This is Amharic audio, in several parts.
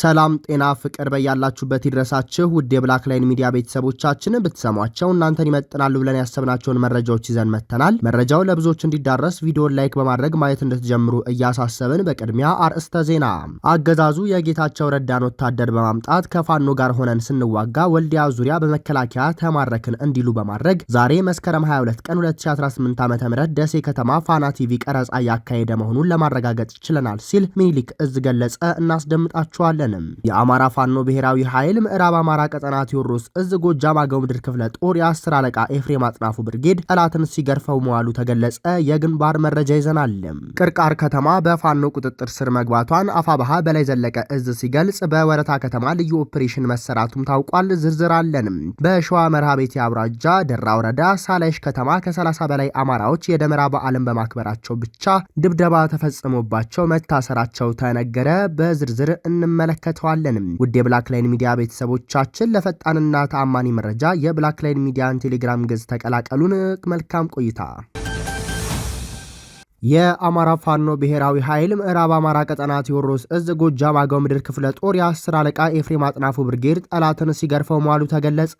ሰላም ጤና ፍቅር በያላችሁበት ይድረሳችሁ ውድ የብላክ ላይን ሚዲያ ቤተሰቦቻችን ብትሰሟቸው እናንተን ይመጥናሉ ብለን ያሰብናቸውን መረጃዎች ይዘን መጥተናል። መረጃው ለብዙዎች እንዲዳረስ ቪዲዮን ላይክ በማድረግ ማየት እንድትጀምሩ እያሳሰብን በቅድሚያ አርዕስተ ዜና። አገዛዙ የጌታቸው ረዳን ወታደር በማምጣት ከፋኖ ጋር ሆነን ስንዋጋ ወልዲያ ዙሪያ በመከላከያ ተማረክን እንዲሉ በማድረግ ዛሬ መስከረም 22 ቀን 2018 ዓ ም ደሴ ከተማ ፋና ቲቪ ቀረጻ እያካሄደ መሆኑን ለማረጋገጥ ችለናል ሲል ሚኒሊክ እዝ ገለጸ። እናስደምጣችኋለን። አልቻለንም። የአማራ ፋኖ ብሔራዊ ኃይል ምዕራብ አማራ ቀጠና ቴዎድሮስ እዝ ጎጃም አገው ምድር ክፍለ ጦር የአስር አለቃ ኤፍሬም አጥናፉ ብርጌድ ጠላትን ሲገርፈው መዋሉ ተገለጸ። የግንባር መረጃ ይዘናል። ቅርቃር ከተማ በፋኖ ቁጥጥር ስር መግባቷን አፋባሃ በላይ ዘለቀ እዝ ሲገልጽ፣ በወረታ ከተማ ልዩ ኦፕሬሽን መሰራቱም ታውቋል። ዝርዝር አለንም። በሸዋ መርሃቤቴ አብራጃ ደራ ወረዳ ሳላሽ ከተማ ከ30 በላይ አማራዎች የደመራ በዓልን በማክበራቸው ብቻ ድብደባ ተፈጽሞባቸው መታሰራቸው ተነገረ። በዝርዝር እንመለከ እንመለከተዋለንም። ውድ የብላክ ላይን ሚዲያ ቤተሰቦቻችን ለፈጣንና ተአማኒ መረጃ የብላክ ላይን ሚዲያን ቴሌግራም ገጽ ተቀላቀሉን። መልካም ቆይታ የአማራ ፋኖ ብሔራዊ ኃይል ምዕራብ አማራ ቀጠና ቴዎድሮስ እዝ ጎጃም አገው ምድር ክፍለ ጦር የአስር አለቃ ኤፍሬም አጥናፉ ብርጌድ ጠላትን ሲገርፈው መዋሉ ተገለጸ።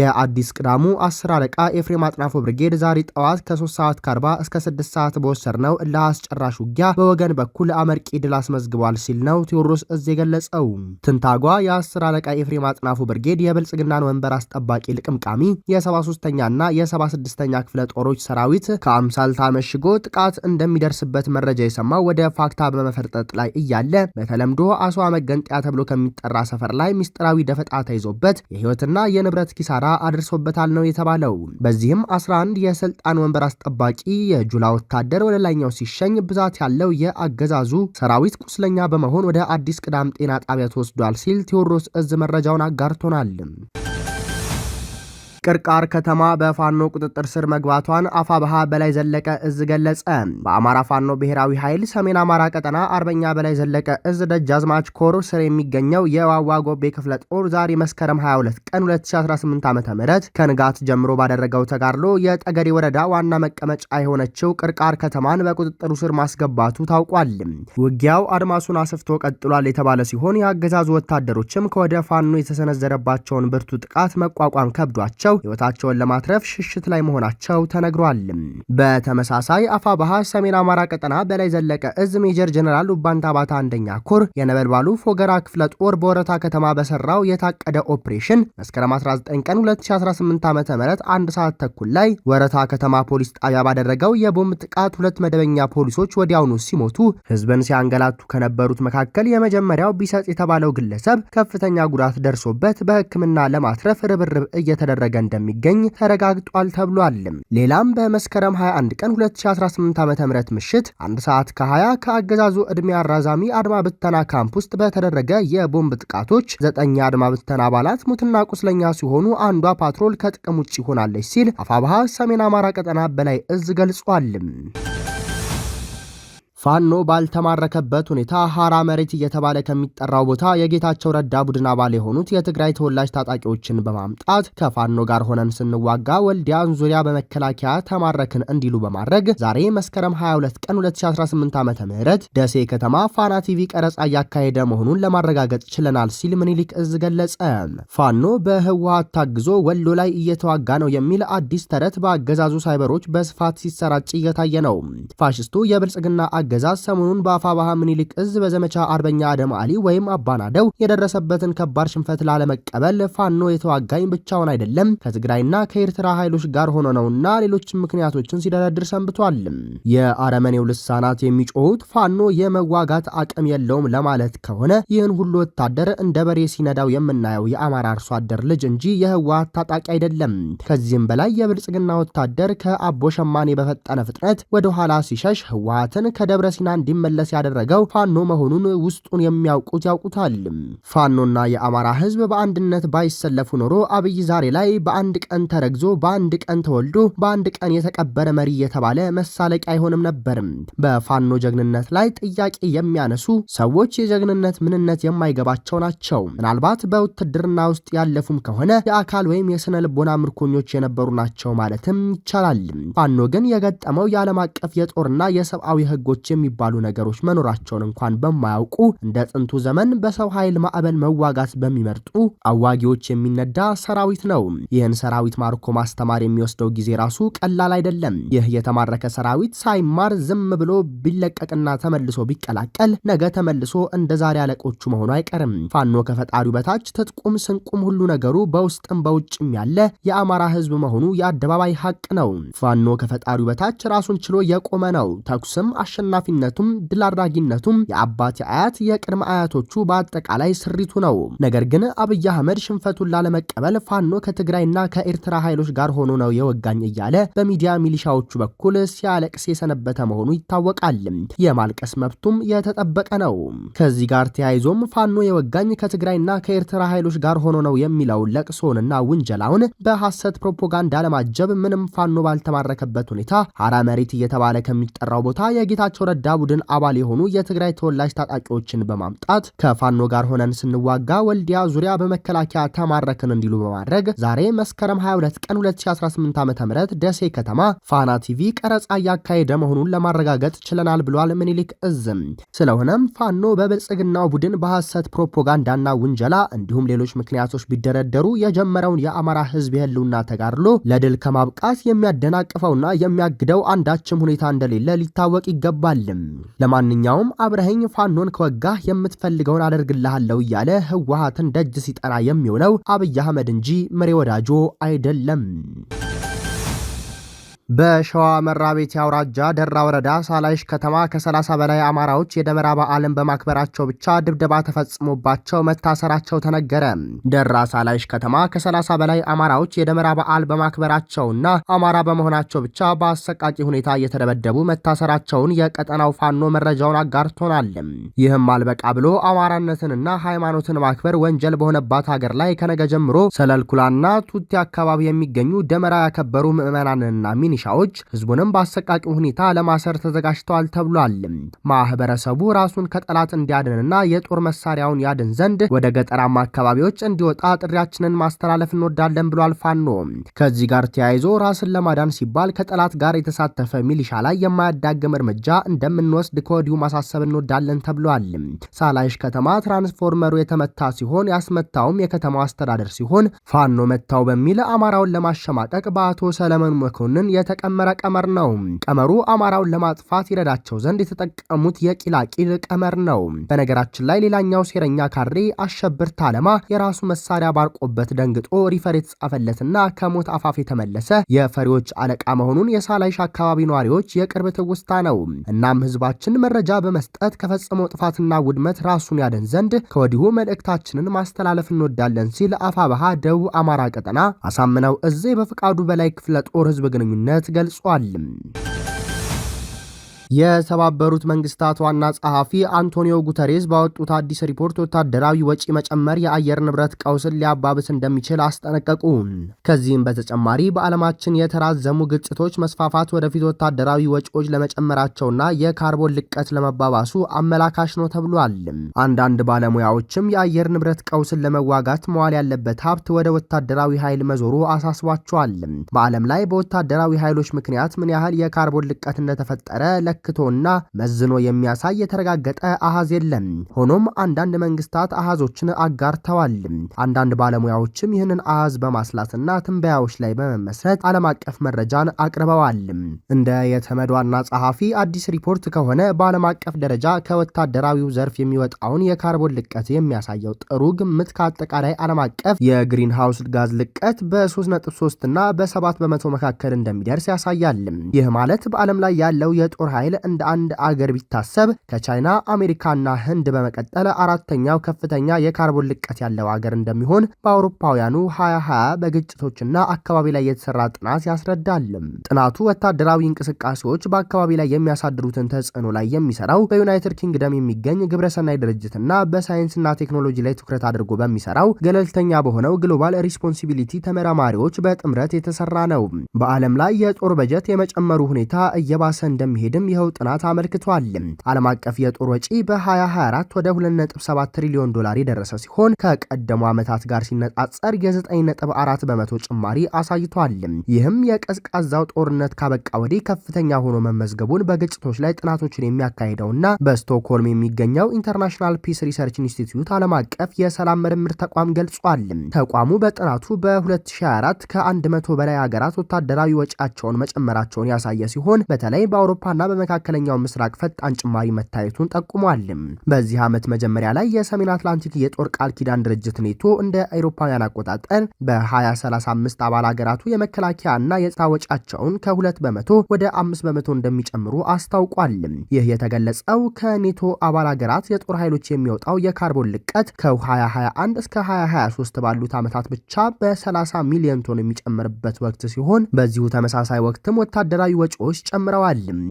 የአዲስ ቅዳሙ አስር አለቃ ኤፍሬም አጥናፉ ብርጌድ ዛሬ ጠዋት ከ3 ሰዓት ከ40 እስከ 6 ሰዓት በወሰድነው ለአስጨራሽ ውጊያ በወገን በኩል አመርቂ ድል አስመዝግቧል ሲል ነው ቴዎድሮስ እዝ የገለጸው። ትንታጓ የአስር አለቃ ኤፍሬም አጥናፉ ብርጌድ የብልጽግናን ወንበር አስጠባቂ ልቅምቃሚ የ73ኛና የ76ኛ ክፍለ ጦሮች ሰራዊት ከአምሳልታ መሽጎ ጥቃት እንደሚደርስበት መረጃ የሰማው ወደ ፋክታ በመፈርጠጥ ላይ እያለ በተለምዶ አስዋ መገንጠያ ተብሎ ከሚጠራ ሰፈር ላይ ሚስጥራዊ ደፈጣ ተይዞበት የህይወትና የንብረት ኪሳራ አድርሶበታል ነው የተባለው። በዚህም 11 የስልጣን ወንበር አስጠባቂ የጁላ ወታደር ወደ ላይኛው ሲሸኝ ብዛት ያለው የአገዛዙ ሰራዊት ቁስለኛ በመሆን ወደ አዲስ ቅዳም ጤና ጣቢያ ተወስዷል ሲል ቴዎድሮስ እዝ መረጃውን አጋርቶናል። ቅርቃር ከተማ በፋኖ ቁጥጥር ስር መግባቷን አፋብሃ በላይ ዘለቀ እዝ ገለጸ። በአማራ ፋኖ ብሔራዊ ኃይል ሰሜን አማራ ቀጠና አርበኛ በላይ ዘለቀ እዝ ደጃዝማች ኮር ስር የሚገኘው የዋዋ ጎቤ ክፍለ ጦር ዛሬ መስከረም 22 ቀን 2018 ዓ ም ከንጋት ጀምሮ ባደረገው ተጋድሎ የጠገዴ ወረዳ ዋና መቀመጫ የሆነችው ቅርቃር ከተማን በቁጥጥሩ ስር ማስገባቱ ታውቋል። ውጊያው አድማሱን አስፍቶ ቀጥሏል የተባለ ሲሆን የአገዛዙ ወታደሮችም ከወደ ፋኖ የተሰነዘረባቸውን ብርቱ ጥቃት መቋቋም ከብዷቸው በመሆናቸው ህይወታቸውን ለማትረፍ ሽሽት ላይ መሆናቸው ተነግሯል። በተመሳሳይ አፋባሃ ሰሜን አማራ ቀጠና በላይ ዘለቀ እዝ ሜጀር ጀነራል ውባንታ ባታ አንደኛ ኮር የነበልባሉ ፎገራ ክፍለ ጦር በወረታ ከተማ በሰራው የታቀደ ኦፕሬሽን መስከረም 19 ቀን 2018 ዓ ም አንድ ሰዓት ተኩል ላይ ወረታ ከተማ ፖሊስ ጣቢያ ባደረገው የቦምብ ጥቃት ሁለት መደበኛ ፖሊሶች ወዲያውኑ ሲሞቱ ህዝብን ሲያንገላቱ ከነበሩት መካከል የመጀመሪያው ቢሰጥ የተባለው ግለሰብ ከፍተኛ ጉዳት ደርሶበት በህክምና ለማትረፍ ርብርብ እየተደረገ እንደሚገኝ ተረጋግጧል ተብሏል። ሌላም በመስከረም 21 ቀን 2018 ዓ.ም ምሽት አንድ ሰዓት ከ20 ከአገዛዙ ዕድሜ አራዛሚ አድማ ብተና ካምፕ ውስጥ በተደረገ የቦምብ ጥቃቶች ዘጠኝ አድማ ብተና አባላት ሙትና ቁስለኛ ሲሆኑ አንዷ ፓትሮል ከጥቅም ውጭ ሆናለች ሲል አፋባሃ ሰሜን አማራ ቀጠና በላይ እዝ ገልጿል። ፋኖ ባልተማረከበት ሁኔታ ሐራ መሬት እየተባለ ከሚጠራው ቦታ የጌታቸው ረዳ ቡድን አባል የሆኑት የትግራይ ተወላጅ ታጣቂዎችን በማምጣት ከፋኖ ጋር ሆነን ስንዋጋ ወልዲያን ዙሪያ በመከላከያ ተማረክን እንዲሉ በማድረግ ዛሬ መስከረም 22 ቀን 2018 ዓ ም ደሴ ከተማ ፋና ቲቪ ቀረጻ እያካሄደ መሆኑን ለማረጋገጥ ችለናል ሲል ምኒልክ እዝ ገለጸ። ፋኖ በህወሀት ታግዞ ወሎ ላይ እየተዋጋ ነው የሚል አዲስ ተረት በአገዛዙ ሳይበሮች በስፋት ሲሰራጭ እየታየ ነው። ፋሽስቱ የብልጽግና አገዛዝ ሰሞኑን በአፋባሃ ምኒልክ እዝ በዘመቻ አርበኛ አደም አሊ ወይም አባናደው የደረሰበትን ከባድ ሽንፈት ላለመቀበል ፋኖ የተዋጋኝ ብቻውን አይደለም ከትግራይና ከኤርትራ ኃይሎች ጋር ሆኖ ነውና ሌሎች ምክንያቶችን ሲደረድር ሰንብቷል። የአረመኔው ልሳናት የሚጮሁት ፋኖ የመዋጋት አቅም የለውም ለማለት ከሆነ ይህን ሁሉ ወታደር እንደ በሬ ሲነዳው የምናየው የአማራ አርሶ አደር ልጅ እንጂ የህወሓት ታጣቂ አይደለም። ከዚህም በላይ የብልጽግና ወታደር ከአቦ ሸማኔ በፈጠነ ፍጥነት ወደ ኋላ ሲሸሽ ህወሓትን ከደ ደብረ ሲና እንዲመለስ ያደረገው ፋኖ መሆኑን ውስጡን የሚያውቁት ያውቁታል። ፋኖና የአማራ ህዝብ በአንድነት ባይሰለፉ ኖሮ አብይ ዛሬ ላይ በአንድ ቀን ተረግዞ በአንድ ቀን ተወልዶ በአንድ ቀን የተቀበረ መሪ የተባለ መሳለቂያ አይሆንም ነበርም። በፋኖ ጀግንነት ላይ ጥያቄ የሚያነሱ ሰዎች የጀግንነት ምንነት የማይገባቸው ናቸው። ምናልባት በውትድርና ውስጥ ያለፉም ከሆነ የአካል ወይም የስነ ልቦና ምርኮኞች የነበሩ ናቸው ማለትም ይቻላል። ፋኖ ግን የገጠመው የዓለም አቀፍ የጦርና የሰብአዊ ህጎች የሚባሉ ነገሮች መኖራቸውን እንኳን በማያውቁ እንደ ጥንቱ ዘመን በሰው ኃይል ማዕበል መዋጋት በሚመርጡ አዋጊዎች የሚነዳ ሰራዊት ነው። ይህን ሰራዊት ማርኮ ማስተማር የሚወስደው ጊዜ ራሱ ቀላል አይደለም። ይህ የተማረከ ሰራዊት ሳይማር ዝም ብሎ ቢለቀቅና ተመልሶ ቢቀላቀል ነገ ተመልሶ እንደ ዛሬ አለቆቹ መሆኑ አይቀርም። ፋኖ ከፈጣሪው በታች ትጥቁም ስንቁም ሁሉ ነገሩ በውስጥም በውጭም ያለ የአማራ ህዝብ መሆኑ የአደባባይ ሀቅ ነው። ፋኖ ከፈጣሪው በታች ራሱን ችሎ የቆመ ነው። ተኩስም አሸናፊ ኃላፊነቱም ድል አድራጊነቱም የአባት አያት የቅድመ አያቶቹ በአጠቃላይ ስሪቱ ነው። ነገር ግን አብይ አህመድ ሽንፈቱን ላለመቀበል ፋኖ ከትግራይና ከኤርትራ ኃይሎች ጋር ሆኖ ነው የወጋኝ እያለ በሚዲያ ሚሊሻዎቹ በኩል ሲያለቅስ የሰነበተ መሆኑ ይታወቃል። የማልቀስ መብቱም የተጠበቀ ነው። ከዚህ ጋር ተያይዞም ፋኖ የወጋኝ ከትግራይና ከኤርትራ ኃይሎች ጋር ሆኖ ነው የሚለውን ለቅሶንና ውንጀላውን በሐሰት ፕሮፓጋንዳ ለማጀብ ምንም ፋኖ ባልተማረከበት ሁኔታ አራ መሬት እየተባለ ከሚጠራው ቦታ የጌታቸው የተረዳ ቡድን አባል የሆኑ የትግራይ ተወላጅ ታጣቂዎችን በማምጣት ከፋኖ ጋር ሆነን ስንዋጋ ወልዲያ ዙሪያ በመከላከያ ተማረክን እንዲሉ በማድረግ ዛሬ መስከረም 22 ቀን 2018 ዓ ም ደሴ ከተማ ፋና ቲቪ ቀረጻ እያካሄደ መሆኑን ለማረጋገጥ ችለናል ብሏል ምኒልክ እዝም። ስለሆነም ፋኖ በብልጽግናው ቡድን በሐሰት ፕሮፓጋንዳና ውንጀላ እንዲሁም ሌሎች ምክንያቶች ቢደረደሩ የጀመረውን የአማራ ህዝብ የህልውና ተጋድሎ ለድል ከማብቃት የሚያደናቅፈውና የሚያግደው አንዳችም ሁኔታ እንደሌለ ሊታወቅ ይገባል ብለዋልም። ለማንኛውም አብረኸኝ ፋኖን ከወጋህ የምትፈልገውን አደርግልሃለሁ እያለ ህወሀትን ደጅ ሲጠራ የሚውለው አብይ አህመድ እንጂ መሬ ወዳጆ አይደለም። በሸዋ መራቤቴ አውራጃ ደራ ወረዳ ሳላይሽ ከተማ ከ30 በላይ አማራዎች የደመራ በዓልን በማክበራቸው ብቻ ድብደባ ተፈጽሞባቸው መታሰራቸው ተነገረ። ደራ ሳላይሽ ከተማ ከ30 በላይ አማራዎች የደመራ በዓል በማክበራቸውና አማራ በመሆናቸው ብቻ በአሰቃቂ ሁኔታ እየተደበደቡ መታሰራቸውን የቀጠናው ፋኖ መረጃውን አጋርቶናል። ይህም አልበቃ ብሎ አማራነትንና ሃይማኖትን ማክበር ወንጀል በሆነባት ሀገር ላይ ከነገ ጀምሮ ሰለልኩላና ቱቲ አካባቢ የሚገኙ ደመራ ያከበሩ ምዕመናንና ሚኒ ሚሊሻዎች ህዝቡንም በአሰቃቂ ሁኔታ ለማሰር ተዘጋጅተዋል ተብሏል። ማህበረሰቡ ራሱን ከጠላት እንዲያድንና የጦር መሳሪያውን ያድን ዘንድ ወደ ገጠራማ አካባቢዎች እንዲወጣ ጥሪያችንን ማስተላለፍ እንወዳለን ብሏል ፋኖ። ከዚህ ጋር ተያይዞ ራስን ለማዳን ሲባል ከጠላት ጋር የተሳተፈ ሚሊሻ ላይ የማያዳግም እርምጃ እንደምንወስድ ከወዲሁ ማሳሰብ እንወዳለን ተብሏል። ሳላይሽ ከተማ ትራንስፎርመሩ የተመታ ሲሆን ያስመታውም የከተማው አስተዳደር ሲሆን ፋኖ መታው በሚል አማራውን ለማሸማቀቅ በአቶ ሰለመን መኮንን የተ የተቀመረ ቀመር ነው። ቀመሩ አማራውን ለማጥፋት ይረዳቸው ዘንድ የተጠቀሙት የቂላቂል ቀመር ነው። በነገራችን ላይ ሌላኛው ሴረኛ ካሬ አሸብር ታለማ የራሱ መሳሪያ ባርቆበት ደንግጦ ሪፈር የተጻፈለትና ከሞት አፋፍ የተመለሰ የፈሪዎች አለቃ መሆኑን የሳላይሽ አካባቢ ነዋሪዎች የቅርብ ትውስታ ነው። እናም ህዝባችን መረጃ በመስጠት ከፈጸመው ጥፋትና ውድመት ራሱን ያደን ዘንድ ከወዲሁ መልእክታችንን ማስተላለፍ እንወዳለን ሲል አፋ ባሃ ደቡብ አማራ ቀጠና አሳምነው እዜ በፍቃዱ በላይ ክፍለ ጦር ህዝብ ግንኙነት በማለት ገልጿል። የተባበሩት መንግስታት ዋና ጸሐፊ አንቶኒዮ ጉተሬስ ባወጡት አዲስ ሪፖርት ወታደራዊ ወጪ መጨመር የአየር ንብረት ቀውስን ሊያባብስ እንደሚችል አስጠነቀቁ። ከዚህም በተጨማሪ በዓለማችን የተራዘሙ ግጭቶች መስፋፋት ወደፊት ወታደራዊ ወጪዎች ለመጨመራቸውና የካርቦን ልቀት ለመባባሱ አመላካሽ ነው ተብሏል። አንዳንድ ባለሙያዎችም የአየር ንብረት ቀውስን ለመዋጋት መዋል ያለበት ሀብት ወደ ወታደራዊ ኃይል መዞሩ አሳስቧቸዋል። በዓለም ላይ በወታደራዊ ኃይሎች ምክንያት ምን ያህል የካርቦን ልቀት እንደተፈጠረ ለክቶና መዝኖ የሚያሳይ የተረጋገጠ አሃዝ የለም። ሆኖም አንዳንድ መንግስታት አሃዞችን አጋርተዋል። አንዳንድ ባለሙያዎችም ይህንን አሃዝ በማስላትና ትንበያዎች ላይ በመመስረት ዓለም አቀፍ መረጃን አቅርበዋል። እንደ የተመድ ዋና ጸሐፊ አዲስ ሪፖርት ከሆነ በዓለም አቀፍ ደረጃ ከወታደራዊው ዘርፍ የሚወጣውን የካርቦን ልቀት የሚያሳየው ጥሩ ግምት ከአጠቃላይ ዓለም አቀፍ የግሪን ጋዝ ልቀት በ3.3 እና በ7 በመቶ መካከል እንደሚደርስ ያሳያል። ይህ ማለት በዓለም ላይ ያለው የጦር ኃይል ኃይል እንደ አንድ አገር ቢታሰብ ከቻይና አሜሪካና ህንድ በመቀጠል አራተኛው ከፍተኛ የካርቦን ልቀት ያለው አገር እንደሚሆን በአውሮፓውያኑ 2020 በግጭቶችና አካባቢ ላይ የተሰራ ጥናት ያስረዳል። ጥናቱ ወታደራዊ እንቅስቃሴዎች በአካባቢ ላይ የሚያሳድሩትን ተጽዕኖ ላይ የሚሰራው በዩናይትድ ኪንግደም የሚገኝ ግብረሰናይ ድርጅትና በሳይንስና ቴክኖሎጂ ላይ ትኩረት አድርጎ በሚሰራው ገለልተኛ በሆነው ግሎባል ሪስፖንሲቢሊቲ ተመራማሪዎች በጥምረት የተሰራ ነው። በዓለም ላይ የጦር በጀት የመጨመሩ ሁኔታ እየባሰ እንደሚሄድም ይኸው ጥናት አመልክቷል። ዓለም አቀፍ የጦር ወጪ በ2024 ወደ 2.7 ትሪሊዮን ዶላር የደረሰ ሲሆን ከቀደሙ ዓመታት ጋር ሲነጻጸር የ9.4 በመቶ ጭማሪ አሳይቷል። ይህም የቀዝቃዛው ጦርነት ካበቃ ወዲህ ከፍተኛ ሆኖ መመዝገቡን በግጭቶች ላይ ጥናቶችን የሚያካሂደውና በስቶክሆልም የሚገኘው ኢንተርናሽናል ፒስ ሪሰርች ኢንስቲትዩት ዓለም አቀፍ የሰላም ምርምር ተቋም ገልጿል። ተቋሙ በጥናቱ በ2024 ከ100 በላይ ሀገራት ወታደራዊ ወጪያቸውን መጨመራቸውን ያሳየ ሲሆን በተለይ በአውሮፓና በመካከለኛው ምስራቅ ፈጣን ጭማሪ መታየቱን ጠቁሟል። በዚህ ዓመት መጀመሪያ ላይ የሰሜን አትላንቲክ የጦር ቃል ኪዳን ድርጅት ኔቶ እንደ አውሮፓውያን አቆጣጠር በ2035 አባል ሀገራቱ የመከላከያ እና የጸጥታ ወጪያቸውን ከሁለት በመቶ ወደ አምስት በመቶ እንደሚጨምሩ አስታውቋል። ይህ የተገለጸው ከኔቶ አባል ሀገራት የጦር ኃይሎች የሚወጣው የካርቦን ልቀት ከ2021 እስከ 2023 ባሉት ዓመታት ብቻ በ30 ሚሊዮን ቶን የሚጨምርበት ወቅት ሲሆን በዚሁ ተመሳሳይ ወቅትም ወታደራዊ ወጪዎች ጨምረዋል።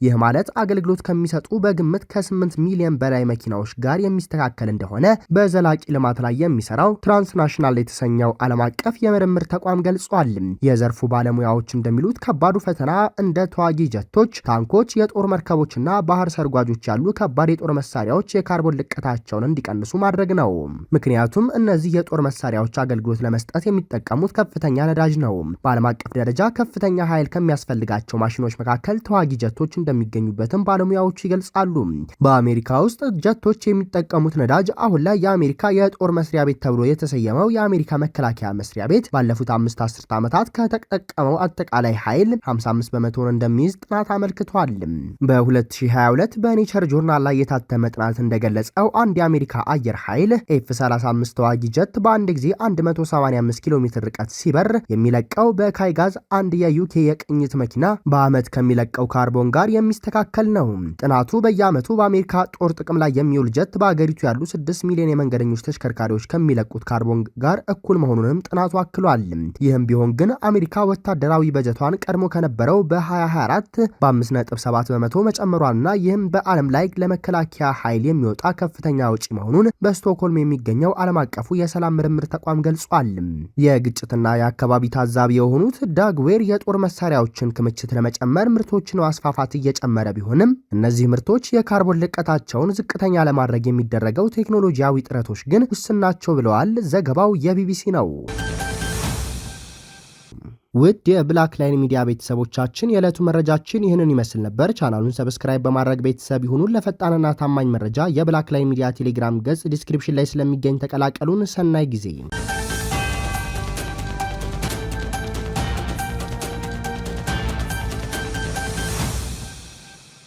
ይህ ማለት ማለት አገልግሎት ከሚሰጡ በግምት ከ8 ሚሊዮን በላይ መኪናዎች ጋር የሚስተካከል እንደሆነ በዘላቂ ልማት ላይ የሚሰራው ትራንስናሽናል የተሰኘው ዓለም አቀፍ የምርምር ተቋም ገልጿል። የዘርፉ ባለሙያዎች እንደሚሉት ከባዱ ፈተና እንደ ተዋጊ ጀቶች፣ ታንኮች፣ የጦር መርከቦችና ባህር ሰርጓጆች ያሉ ከባድ የጦር መሳሪያዎች የካርቦን ልቀታቸውን እንዲቀንሱ ማድረግ ነው። ምክንያቱም እነዚህ የጦር መሳሪያዎች አገልግሎት ለመስጠት የሚጠቀሙት ከፍተኛ ነዳጅ ነው። በዓለም አቀፍ ደረጃ ከፍተኛ ኃይል ከሚያስፈልጋቸው ማሽኖች መካከል ተዋጊ ጀቶች እንደሚገኙ እንደሚገኙበትም ባለሙያዎቹ ይገልጻሉ። በአሜሪካ ውስጥ ጀቶች የሚጠቀሙት ነዳጅ አሁን ላይ የአሜሪካ የጦር መስሪያ ቤት ተብሎ የተሰየመው የአሜሪካ መከላከያ መስሪያ ቤት ባለፉት አምስት አስርት ዓመታት ከተጠቀመው አጠቃላይ ኃይል 55 በመቶን እንደሚይዝ ጥናት አመልክቷል። በ2022 በኔቸር ጆርናል ላይ የታተመ ጥናት እንደገለጸው አንድ የአሜሪካ አየር ኃይል ኤፍ 35 ተዋጊ ጀት በአንድ ጊዜ 185 ኪሎ ሜትር ርቀት ሲበር የሚለቀው በካይ ጋዝ አንድ የዩኬ የቅኝት መኪና በዓመት ከሚለቀው ካርቦን ጋር የሚስተካ መካከል ነው። ጥናቱ በየዓመቱ በአሜሪካ ጦር ጥቅም ላይ የሚውል ጀት በአገሪቱ ያሉ 6 ሚሊዮን የመንገደኞች ተሽከርካሪዎች ከሚለቁት ካርቦን ጋር እኩል መሆኑንም ጥናቱ አክሏል። ይህም ቢሆን ግን አሜሪካ ወታደራዊ በጀቷን ቀድሞ ከነበረው በ2024 በ5.7 በመቶ መጨመሯንና ይህም በዓለም ላይ ለመከላከያ ኃይል የሚወጣ ከፍተኛ ውጪ መሆኑን በስቶክሆልም የሚገኘው ዓለም አቀፉ የሰላም ምርምር ተቋም ገልጿል። የግጭትና የአካባቢ ታዛቢ የሆኑት ዳግዌር የጦር መሳሪያዎችን ክምችት ለመጨመር ምርቶችን ማስፋፋት እየጨመረ የጨመረ ቢሆንም እነዚህ ምርቶች የካርቦን ልቀታቸውን ዝቅተኛ ለማድረግ የሚደረገው ቴክኖሎጂያዊ ጥረቶች ግን ውስናቸው ብለዋል። ዘገባው የቢቢሲ ነው። ውድ የብላክ ላይን ሚዲያ ቤተሰቦቻችን የዕለቱ መረጃችን ይህንን ይመስል ነበር። ቻናሉን ሰብስክራይብ በማድረግ ቤተሰብ ይሁኑን። ለፈጣንና ታማኝ መረጃ የብላክ ላይን ሚዲያ ቴሌግራም ገጽ ዲስክሪፕሽን ላይ ስለሚገኝ ተቀላቀሉን። ሰናይ ጊዜ